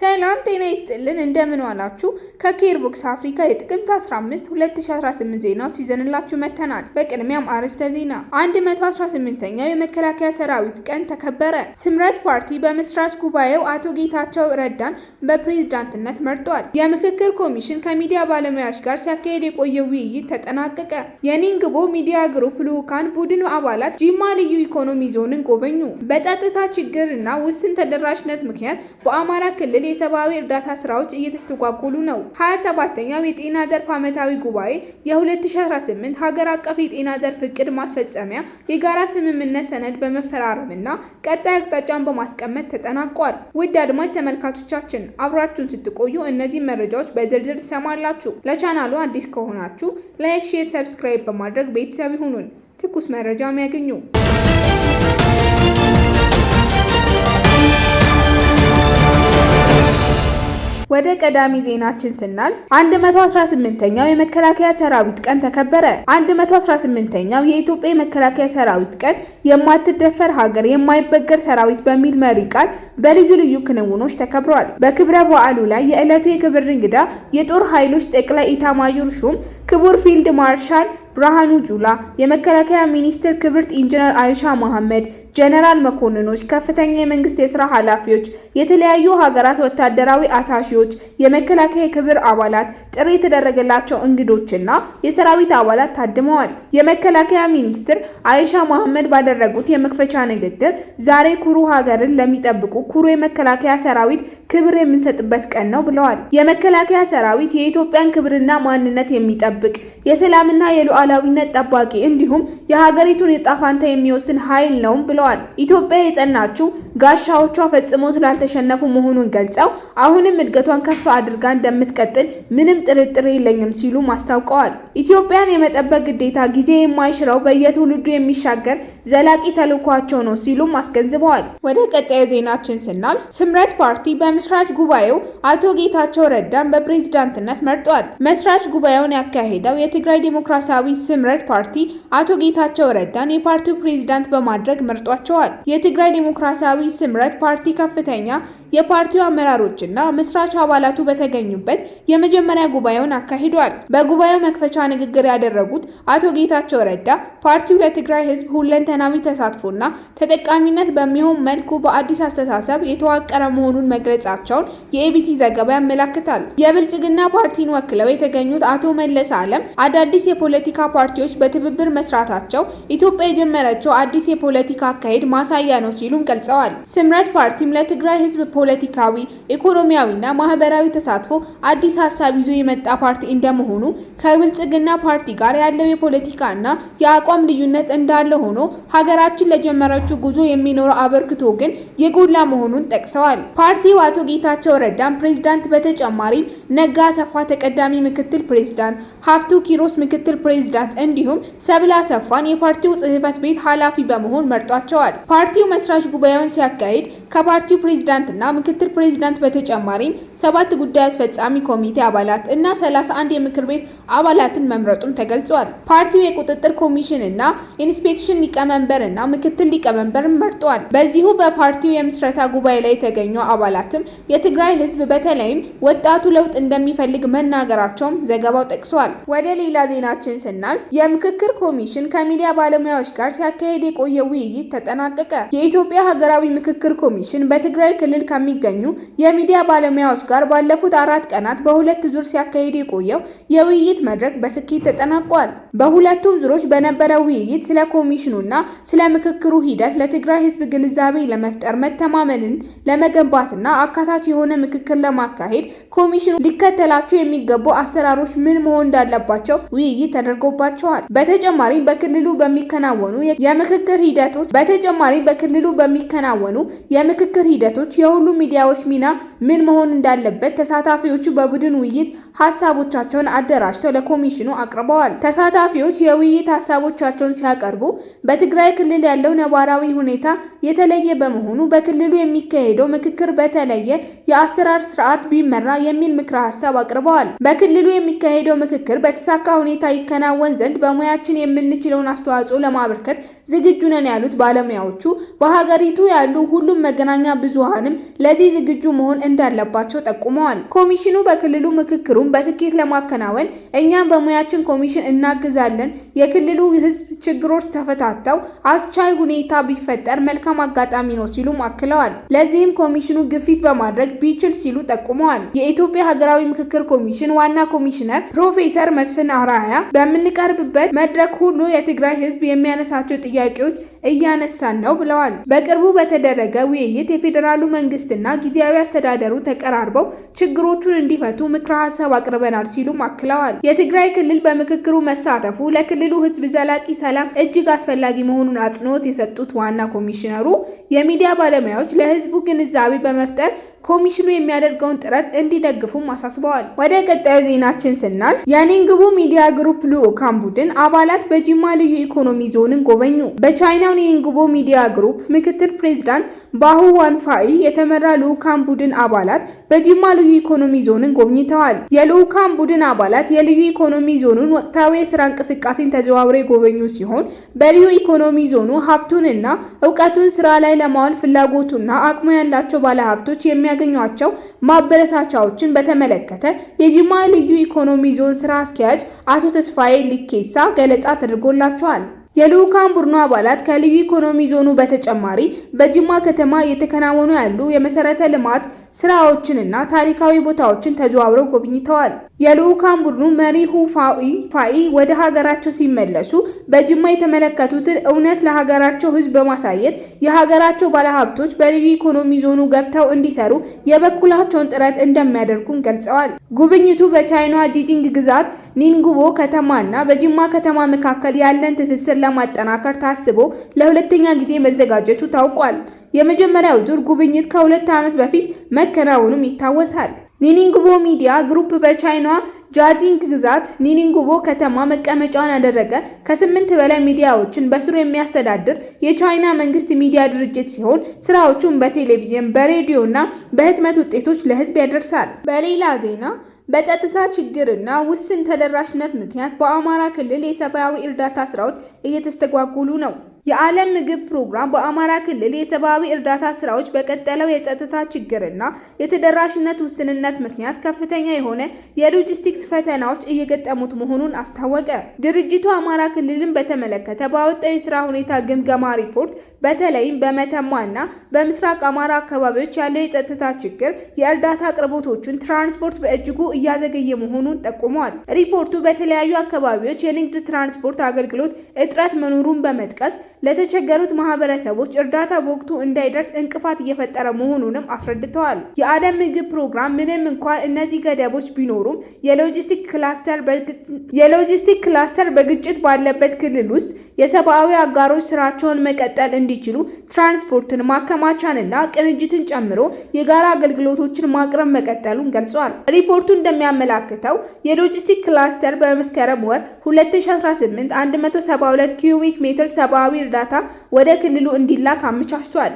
ሰላም ጤና ይስጥልን፣ እንደምን ዋላችሁ? ከኬርቦክስ አፍሪካ የጥቅምት 15 2018 ዜናዎች ይዘንላችሁ መጥተናል። በቅድሚያም አርዕስተ ዜና 118ኛው የመከላከያ ሰራዊት ቀን ተከበረ። ስምረት ፓርቲ በመስራች ጉባኤው አቶ ጌታቸው ረዳን በፕሬዝዳንትነት መርጧል። የምክክር ኮሚሽን ከሚዲያ ባለሙያዎች ጋር ሲያካሄድ የቆየው ውይይት ተጠናቀቀ። የኒንግቦ ሚዲያ ግሩፕ ልዑካን ቡድን አባላት ጂማ ልዩ ኢኮኖሚ ዞንን ጎበኙ። በጸጥታ ችግርና ውስን ተደራሽነት ምክንያት በአማራ ክልል የሰብአዊ እርዳታ ስራዎች እየተስተጓጎሉ ነው። 27ኛው የጤና ዘርፍ ዓመታዊ ጉባኤ የ2018 ሀገር አቀፍ የጤና ዘርፍ እቅድ ማስፈጸሚያ የጋራ ስምምነት ሰነድ በመፈራረም እና ቀጣይ አቅጣጫን በማስቀመጥ ተጠናቋል። ውድ አድማጭ ተመልካቾቻችን አብራችሁን ስትቆዩ እነዚህ መረጃዎች በዝርዝር ትሰማላችሁ። ለቻናሉ አዲስ ከሆናችሁ ላይክ፣ ሼር፣ ሰብስክራይብ በማድረግ ቤተሰብ ይሁኑን ትኩስ መረጃም ያገኙ። ወደ ቀዳሚ ዜናችን ስናልፍ 118ኛው የመከላከያ ሰራዊት ቀን ተከበረ። 118ኛው የኢትዮጵያ የመከላከያ ሰራዊት ቀን የማትደፈር ሀገር የማይበገር ሰራዊት በሚል መሪ ቃል በልዩ ልዩ ክንውኖች ተከብሯል። በክብረ በዓሉ ላይ የዕለቱ የክብር እንግዳ የጦር ኃይሎች ጠቅላይ ኢታማዦር ሹም ክቡር ፊልድ ማርሻል ብርሃኑ ጁላ፣ የመከላከያ ሚኒስትር ክብርት ኢንጂነር አይሻ መሐመድ፣ ጀነራል መኮንኖች፣ ከፍተኛ የመንግስት የስራ ኃላፊዎች፣ የተለያዩ ሀገራት ወታደራዊ አታሺዎች፣ የመከላከያ የክብር አባላት፣ ጥሪ የተደረገላቸው እንግዶችና የሰራዊት አባላት ታድመዋል። የመከላከያ ሚኒስትር አይሻ መሐመድ ባደረጉት የመክፈቻ ንግግር ዛሬ ኩሩ ሀገርን ለሚጠብቁ ኩሩ የመከላከያ ሰራዊት ክብር የምንሰጥበት ቀን ነው ብለዋል። የመከላከያ ሰራዊት የኢትዮጵያን ክብርና ማንነት የሚጠብቅ የሰላምና የሉዓላዊነት ጠባቂ እንዲሁም የሀገሪቱን ዕጣ ፈንታ የሚወስን ኃይል ነውም ብለዋል። ብለዋል። ኢትዮጵያ የጸናችው ጋሻዎቿ ፈጽሞ ስላልተሸነፉ መሆኑን ገልጸው አሁንም እድገቷን ከፍ አድርጋ እንደምትቀጥል ምንም ጥርጥር የለኝም ሲሉ አስታውቀዋል። ኢትዮጵያን የመጠበቅ ግዴታ ጊዜ የማይሽረው በየትውልዱ የሚሻገር ዘላቂ ተልኳቸው ነው ሲሉም አስገንዝበዋል። ወደ ቀጣዩ ዜናችን ስናልፍ ስምረት ፓርቲ በምስራች ጉባኤው አቶ ጌታቸው ረዳን በፕሬዝዳንትነት መርጧል። መስራች ጉባኤውን ያካሄደው የትግራይ ዴሞክራሲያዊ ስምረት ፓርቲ አቶ ጌታቸው ረዳን የፓርቲው ፕሬዝዳንት በማድረግ መርጧቸዋል። የትግራይ ዴሞክራሲያዊ ስምረት ፓርቲ ከፍተኛ የፓርቲው አመራሮችና መስራች አባላቱ በተገኙበት የመጀመሪያ ጉባኤውን አካሂዷል። በጉባኤው መክፈቻ ንግግር ያደረጉት አቶ ጌታቸው ረዳ ፓርቲው ለትግራይ ሕዝብ ሁለንተናዊ ተሳትፎና ተጠቃሚነት በሚሆን መልኩ በአዲስ አስተሳሰብ የተዋቀረ መሆኑን መግለጻቸውን የኤቢሲ ዘገባ ያመላክታል። የብልጽግና ፓርቲን ወክለው የተገኙት አቶ መለስ አለም አዳዲስ የፖለቲካ ፓርቲዎች በትብብር መስራታቸው ኢትዮጵያ የጀመረችው አዲስ የፖለቲካ አካሄድ ማሳያ ነው ሲሉም ገልጸዋል። አስታውቀዋል። ስምረት ፓርቲም ለትግራይ ህዝብ ፖለቲካዊ፣ ኢኮኖሚያዊና ማህበራዊ ተሳትፎ አዲስ ሀሳብ ይዞ የመጣ ፓርቲ እንደመሆኑ ከብልጽግና ፓርቲ ጋር ያለው የፖለቲካ እና የአቋም ልዩነት እንዳለ ሆኖ ሀገራችን ለጀመረችው ጉዞ የሚኖረው አበርክቶ ግን የጎላ መሆኑን ጠቅሰዋል። ፓርቲው አቶ ጌታቸው ረዳም ፕሬዝዳንት፣ በተጨማሪም ነጋ አሰፋ ተቀዳሚ ምክትል ፕሬዝዳንት፣ ሀፍቱ ኪሮስ ምክትል ፕሬዝዳንት እንዲሁም ሰብላ አሰፋን የፓርቲው ጽህፈት ቤት ኃላፊ በመሆን መርጧቸዋል። ፓርቲው መስራች ጉባኤውን ሲያካሂድ ከፓርቲው እና ምክትል ፕሬዝዳንት በተጨማሪም ሰባት ጉዳይ አስፈጻሚ ኮሚቴ አባላት እና 31 የምክር ቤት አባላትን መምረጡም ተገልጿል። ፓርቲው የቁጥጥር ኮሚሽን እና ኢንስፔክሽን ሊቀመንበር እና ምክትል ሊቀመንበር መርጧል። በዚሁ በፓርቲው የምስረታ ጉባኤ ላይ የተገኙ አባላትም የትግራይ ሕዝብ በተለይም ወጣቱ ለውጥ እንደሚፈልግ መናገራቸውም ዘገባው ጠቅሷል። ወደ ሌላ ዜናችን ስናልፍ የምክክር ኮሚሽን ከሚዲያ ባለሙያዎች ጋር ሲያካሄድ የቆየ ውይይት ተጠናቀቀ። የኢትዮጵያ ሀገራዊ ምክክር ኮሚሽን በትግራይ ክልል ከሚገኙ የሚዲያ ባለሙያዎች ጋር ባለፉት አራት ቀናት በሁለት ዙር ሲያካሂድ የቆየው የውይይት መድረክ በስኬት ተጠናቋል። በሁለቱም ዙሮች በነበረው ውይይት ስለ ኮሚሽኑና ስለ ምክክሩ ሂደት ለትግራይ ሕዝብ ግንዛቤ ለመፍጠር መተማመንን ለመገንባትና አካታች የሆነ ምክክር ለማካሄድ ኮሚሽኑ ሊከተላቸው የሚገቡ አሰራሮች ምን መሆን እንዳለባቸው ውይይት ተደርጎባቸዋል። በተጨማሪም በክልሉ በሚከናወኑ የምክክር ሂደቶች በተጨማሪም በክልሉ በሚከናወኑ የሚከናወኑ የምክክር ሂደቶች የሁሉ ሚዲያዎች ሚና ምን መሆን እንዳለበት ተሳታፊዎቹ በቡድን ውይይት ሀሳቦቻቸውን አደራጅተው ለኮሚሽኑ አቅርበዋል። ተሳታፊዎች የውይይት ሀሳቦቻቸውን ሲያቀርቡ በትግራይ ክልል ያለው ነባራዊ ሁኔታ የተለየ በመሆኑ በክልሉ የሚካሄደው ምክክር በተለየ የአሰራር ስርዓት ቢመራ የሚል ምክረ ሀሳብ አቅርበዋል። በክልሉ የሚካሄደው ምክክር በተሳካ ሁኔታ ይከናወን ዘንድ በሙያችን የምንችለውን አስተዋጽኦ ለማበርከት ዝግጁ ነን ያሉት ባለሙያዎቹ በሀገሪቱ ያሉ ያሉ ሁሉም መገናኛ ብዙሃንም ለዚህ ዝግጁ መሆን እንዳለባቸው ጠቁመዋል። ኮሚሽኑ በክልሉ ምክክሩን በስኬት ለማከናወን እኛም በሙያችን ኮሚሽን እናግዛለን። የክልሉ ሕዝብ ችግሮች ተፈታተው አስቻይ ሁኔታ ቢፈጠር መልካም አጋጣሚ ነው ሲሉም አክለዋል። ለዚህም ኮሚሽኑ ግፊት በማድረግ ቢችል ሲሉ ጠቁመዋል። የኢትዮጵያ ሀገራዊ ምክክር ኮሚሽን ዋና ኮሚሽነር ፕሮፌሰር መስፍን አራያ በምንቀርብበት መድረክ ሁሉ የትግራይ ሕዝብ የሚያነሳቸው ጥያቄዎች እያነሳን ነው ብለዋል። በቅርቡ በተደረገ ውይይት የፌዴራሉ መንግስትና ጊዜያዊ አስተዳደሩ ተቀራርበው ችግሮቹን እንዲፈቱ ምክረ ሀሳብ አቅርበናል ሲሉም አክለዋል። የትግራይ ክልል በምክክሩ መሳተፉ ለክልሉ ህዝብ ዘላቂ ሰላም እጅግ አስፈላጊ መሆኑን አጽንኦት የሰጡት ዋና ኮሚሽነሩ የሚዲያ ባለሙያዎች ለህዝቡ ግንዛቤ በመፍጠር ኮሚሽኑ የሚያደርገውን ጥረት እንዲደግፉም አሳስበዋል። ወደ ቀጣዩ ዜናችን ስናልፍ የኒንግቡ ሚዲያ ግሩፕ ልዑካን ቡድን አባላት በጅማ ልዩ ኢኮኖሚ ዞንን ጎበኙ። በቻይና የጣሊያኑ የኢንጉቦ ሚዲያ ግሩፕ ምክትል ፕሬዝዳንት ባሁ ዋንፋኢ የተመራ ልዑካን ቡድን አባላት በጂማ ልዩ ኢኮኖሚ ዞንን ጎብኝተዋል። የልዑካን ቡድን አባላት የልዩ ኢኮኖሚ ዞኑን ወቅታዊ የስራ እንቅስቃሴን ተዘዋውሮ የጎበኙ ሲሆን በልዩ ኢኮኖሚ ዞኑ ሀብቱንና እውቀቱን ስራ ላይ ለማዋል ፍላጎቱና አቅሙ ያላቸው ባለሀብቶች የሚያገኟቸው ማበረታቻዎችን በተመለከተ የጂማ ልዩ ኢኮኖሚ ዞን ስራ አስኪያጅ አቶ ተስፋዬ ሊኬሳ ገለጻ ተደርጎላቸዋል። የልዑካን ቡድኑ አባላት ከልዩ ኢኮኖሚ ዞኑ በተጨማሪ በጅማ ከተማ እየተከናወኑ ያሉ የመሰረተ ልማት ስራዎችንና ታሪካዊ ቦታዎችን ተዘዋውረው ጎብኝተዋል። የልዑካን ቡድኑ መሪ ፋኢ ወደ ሀገራቸው ሲመለሱ በጅማ የተመለከቱትን እውነት ለሀገራቸው ሕዝብ በማሳየት የሀገራቸው ባለሀብቶች በልዩ ኢኮኖሚ ዞኑ ገብተው እንዲሰሩ የበኩላቸውን ጥረት እንደሚያደርጉም ገልጸዋል። ጉብኝቱ በቻይና ጂጂንግ ግዛት ኒንጉቦ ና በጅማ ከተማ መካከል ያለን ትስስር ለማጠናከር ታስቦ ለሁለተኛ ጊዜ መዘጋጀቱ ታውቋል። የመጀመሪያው ዙር ጉብኝት ከሁለት ዓመት በፊት መከናወኑም ይታወሳል። ኒኒንግቦ ሚዲያ ግሩፕ በቻይና ጃጂንግ ግዛት ኒኒንግቦ ከተማ መቀመጫውን ያደረገ ከስምንት በላይ ሚዲያዎችን በስሩ የሚያስተዳድር የቻይና መንግስት ሚዲያ ድርጅት ሲሆን ስራዎቹን በቴሌቪዥን፣ በሬዲዮ እና በህትመት ውጤቶች ለህዝብ ያደርሳል። በሌላ ዜና በጸጥታ ችግርና ውስን ተደራሽነት ምክንያት በአማራ ክልል የሰብአዊ እርዳታ ስራዎች እየተስተጓጉሉ ነው። የዓለም ምግብ ፕሮግራም በአማራ ክልል የሰብአዊ እርዳታ ስራዎች በቀጠለው የጸጥታ ችግርና የተደራሽነት ውስንነት ምክንያት ከፍተኛ የሆነ የሎጂስቲክስ ፈተናዎች እየገጠሙት መሆኑን አስታወቀ። ድርጅቱ አማራ ክልልን በተመለከተ ባወጣው የስራ ሁኔታ ግምገማ ሪፖርት በተለይም በመተማ እና በምስራቅ አማራ አካባቢዎች ያለው የጸጥታ ችግር የእርዳታ አቅርቦቶቹን ትራንስፖርት በእጅጉ እያዘገየ መሆኑን ጠቁመዋል። ሪፖርቱ በተለያዩ አካባቢዎች የንግድ ትራንስፖርት አገልግሎት እጥረት መኖሩን በመጥቀስ ለተቸገሩት ማህበረሰቦች እርዳታ በወቅቱ እንዳይደርስ እንቅፋት እየፈጠረ መሆኑንም አስረድተዋል። የዓለም ምግብ ፕሮግራም ምንም እንኳን እነዚህ ገደቦች ቢኖሩም የሎጂስቲክ ክላስተር በግጭት ባለበት ክልል ውስጥ የሰብአዊ አጋሮች ስራቸውን መቀጠል እንዲችሉ ትራንስፖርትን፣ ማከማቻንና ቅንጅትን ጨምሮ የጋራ አገልግሎቶችን ማቅረብ መቀጠሉን ገልጿል። ሪፖርቱ እንደሚያመላክተው የሎጂስቲክ ክላስተር በመስከረም ወር 2018 172 ኪዩቢክ ሜትር ሰብአዊ እርዳታ ወደ ክልሉ እንዲላክ አመቻችቷል።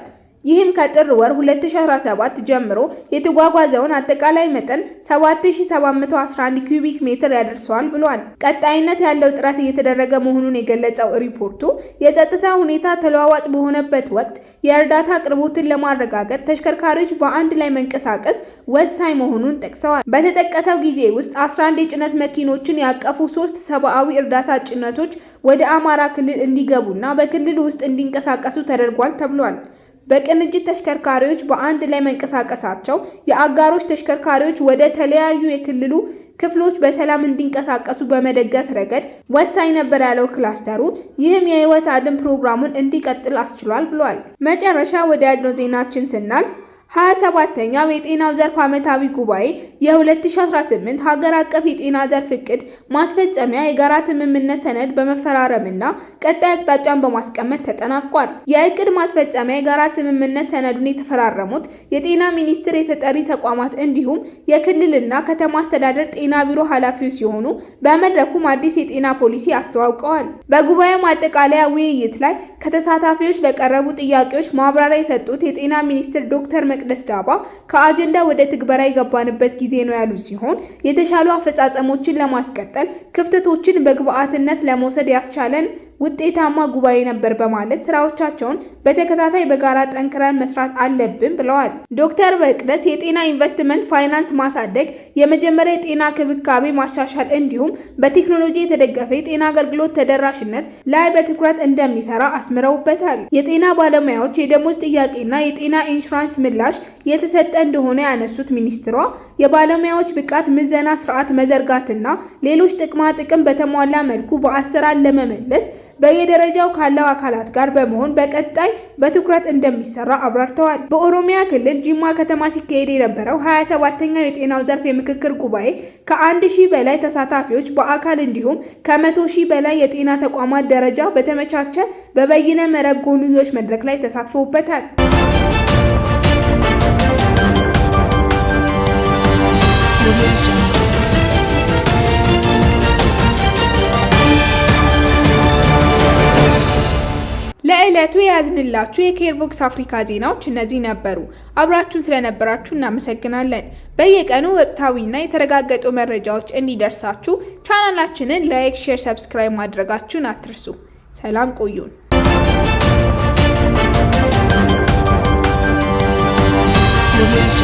ይህም ከጥር ወር 2017 ጀምሮ የተጓጓዘውን አጠቃላይ መጠን 7711 ኪዩቢክ ሜትር ያደርሰዋል ብሏል። ቀጣይነት ያለው ጥረት እየተደረገ መሆኑን የገለጸው ሪፖርቱ የጸጥታ ሁኔታ ተለዋዋጭ በሆነበት ወቅት የእርዳታ አቅርቦትን ለማረጋገጥ ተሽከርካሪዎች በአንድ ላይ መንቀሳቀስ ወሳኝ መሆኑን ጠቅሰዋል። በተጠቀሰው ጊዜ ውስጥ 11 የጭነት መኪኖችን ያቀፉ ሶስት ሰብአዊ እርዳታ ጭነቶች ወደ አማራ ክልል እንዲገቡና በክልል ውስጥ እንዲንቀሳቀሱ ተደርጓል ተብሏል። በቅንጅት ተሽከርካሪዎች በአንድ ላይ መንቀሳቀሳቸው የአጋሮች ተሽከርካሪዎች ወደ ተለያዩ የክልሉ ክፍሎች በሰላም እንዲንቀሳቀሱ በመደገፍ ረገድ ወሳኝ ነበር ያለው ክላስተሩ፣ ይህም የህይወት አድን ፕሮግራሙን እንዲቀጥል አስችሏል ብሏል። መጨረሻ ወደ ያዝነው ዜናችን ስናልፍ 27ኛው የጤናው ዘርፍ ዓመታዊ ጉባኤ የ2018 ሀገር አቀፍ የጤና ዘርፍ እቅድ ማስፈጸሚያ የጋራ ስምምነት ሰነድ በመፈራረምና ቀጣይ አቅጣጫን በማስቀመጥ ተጠናቋል። የእቅድ ማስፈጸሚያ የጋራ ስምምነት ሰነዱን የተፈራረሙት የጤና ሚኒስቴር የተጠሪ ተቋማት እንዲሁም የክልልና ከተማ አስተዳደር ጤና ቢሮ ኃላፊዎች ሲሆኑ በመድረኩም አዲስ የጤና ፖሊሲ አስተዋውቀዋል። በጉባኤው ማጠቃለያ ውይይት ላይ ከተሳታፊዎች ለቀረቡ ጥያቄዎች ማብራሪያ የሰጡት የጤና ሚኒስትር ዶክተር መቅደስ ዳባ ከአጀንዳ ወደ ትግበራ የገባንበት ጊዜ ነው ያሉ ሲሆን የተሻሉ አፈጻጸሞችን ለማስቀጠል ክፍተቶችን በግብዓትነት ለመውሰድ ያስቻለን ውጤታማ ጉባኤ ነበር በማለት ስራዎቻቸውን በተከታታይ በጋራ ጠንክረን መስራት አለብን ብለዋል። ዶክተር በቅለስ የጤና ኢንቨስትመንት ፋይናንስ ማሳደግ፣ የመጀመሪያ የጤና ክብካቤ ማሻሻል እንዲሁም በቴክኖሎጂ የተደገፈ የጤና አገልግሎት ተደራሽነት ላይ በትኩረት እንደሚሰራ አስምረውበታል። የጤና ባለሙያዎች የደሞዝ ጥያቄና የጤና ኢንሹራንስ ምላሽ የተሰጠ እንደሆነ ያነሱት ሚኒስትሯ የባለሙያዎች ብቃት ምዘና ስርዓት መዘርጋትና ሌሎች ጥቅማ ጥቅም በተሟላ መልኩ በአሰራር ለመመለስ በየደረጃው ካለው አካላት ጋር በመሆን በቀጣይ በትኩረት እንደሚሰራ አብራርተዋል። በኦሮሚያ ክልል ጂማ ከተማ ሲካሄድ የነበረው 27 ኛው የጤናው ዘርፍ የምክክር ጉባኤ ከአንድ ሺህ በላይ ተሳታፊዎች በአካል እንዲሁም ከመቶ ሺህ በላይ የጤና ተቋማት ደረጃ በተመቻቸ በበይነ መረብ ጎንዮሽ መድረክ ላይ ተሳትፈውበታል። ለዕለቱ የያዝንላችሁ የኬርቦክስ አፍሪካ ዜናዎች እነዚህ ነበሩ። አብራችሁን ስለነበራችሁ እናመሰግናለን። በየቀኑ ወቅታዊና የተረጋገጡ መረጃዎች እንዲደርሳችሁ ቻናላችንን ላይክ፣ ሼር፣ ሰብስክራይብ ማድረጋችሁን አትርሱ። ሰላም ቆዩን። Thank you.